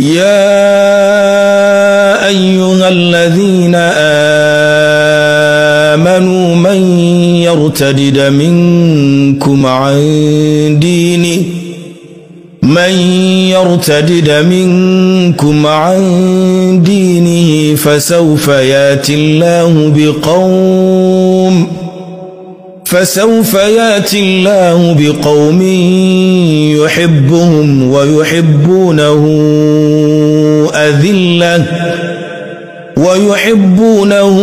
يا أيها الذين آمنوا من يرتدد منكم عن دينه من يرتدد منكم عن دينه فسوف ياتي الله بقوم فسوف ياتي الله بقوم يحبهم ويحبونه أذلة ويحبونه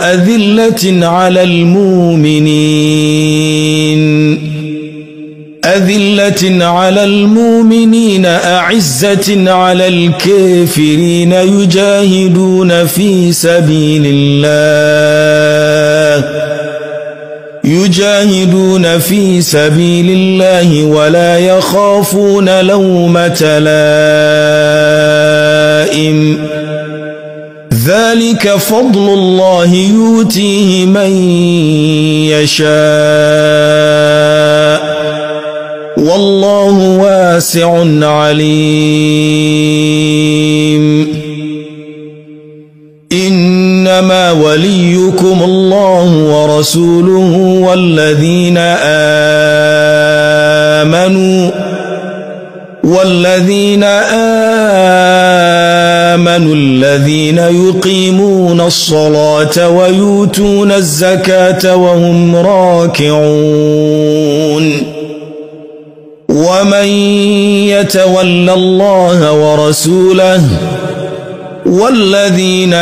أذلة على المؤمنين أذلة على المؤمنين أعزة على الكافرين يجاهدون في سبيل الله يجاهدون في سبيل الله ولا يخافون لومة لائم ذلك فضل الله يؤتيه من يشاء والله واسع عليم إنما وليكم الله ورسوله والذين آمنوا والذين آمنوا الذين يقيمون الصلاة ويؤتون الزكاة وهم راكعون ومن يتول الله ورسوله والذين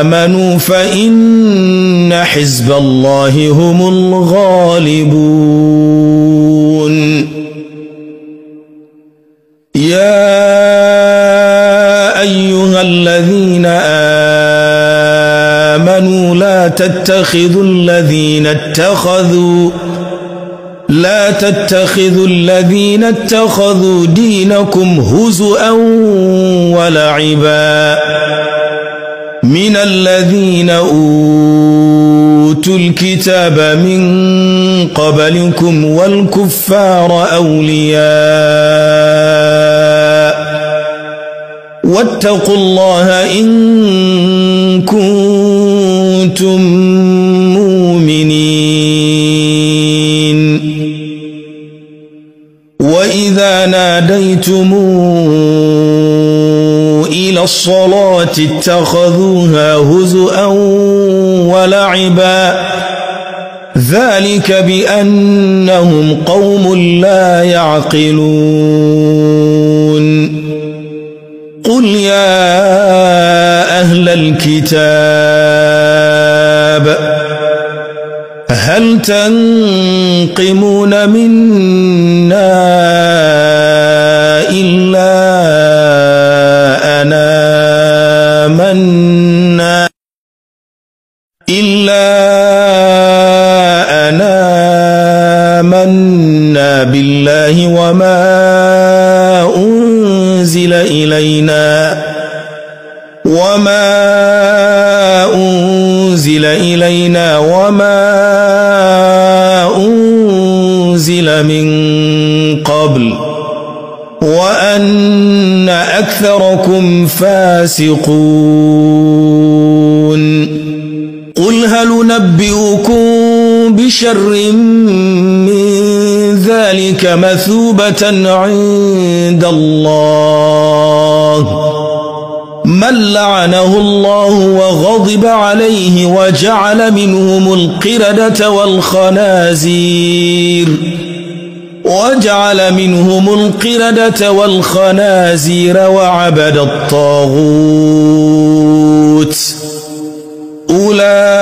آمنوا فإن حزب الله هم الغالبون يا أيها الذين آمنوا لا تتخذوا الذين اتخذوا لا تتخذوا الذين اتخذوا دينكم هزؤا ولعبا من الذين أوتوا الكتاب من قبلكم والكفار أولياء واتقوا الله إن كنتم وإذا ناديتم إلى الصلاة اتخذوها هزؤا ولعبا ذلك بأنهم قوم لا يعقلون قل يا أهل الكتاب هل تنقمون منا إلا أنا منا إلا أنا منا بالله وما أنزل إلينا وما أنزل إلينا وما أنزل من قبل وأن أكثركم فاسقون قل هل نبئكم بشر من ذلك مثوبة عند الله من لعنه الله وغضب عليه وجعل منهم القردة والخنازير وجعل منهم القردة والخنازير وعبد الطاغوت أولئك